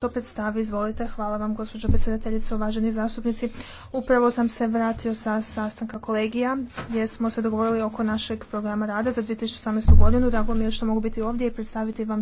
to predstavi. Izvolite. Hvala vam, gospođo predsjedateljice, uvaženi zastupnici. Upravo sam se vratio sa sastanka kolegija gdje smo se dogovorili oko našeg programa rada za 2018. godinu. Drago mi je što mogu biti ovdje i predstaviti vam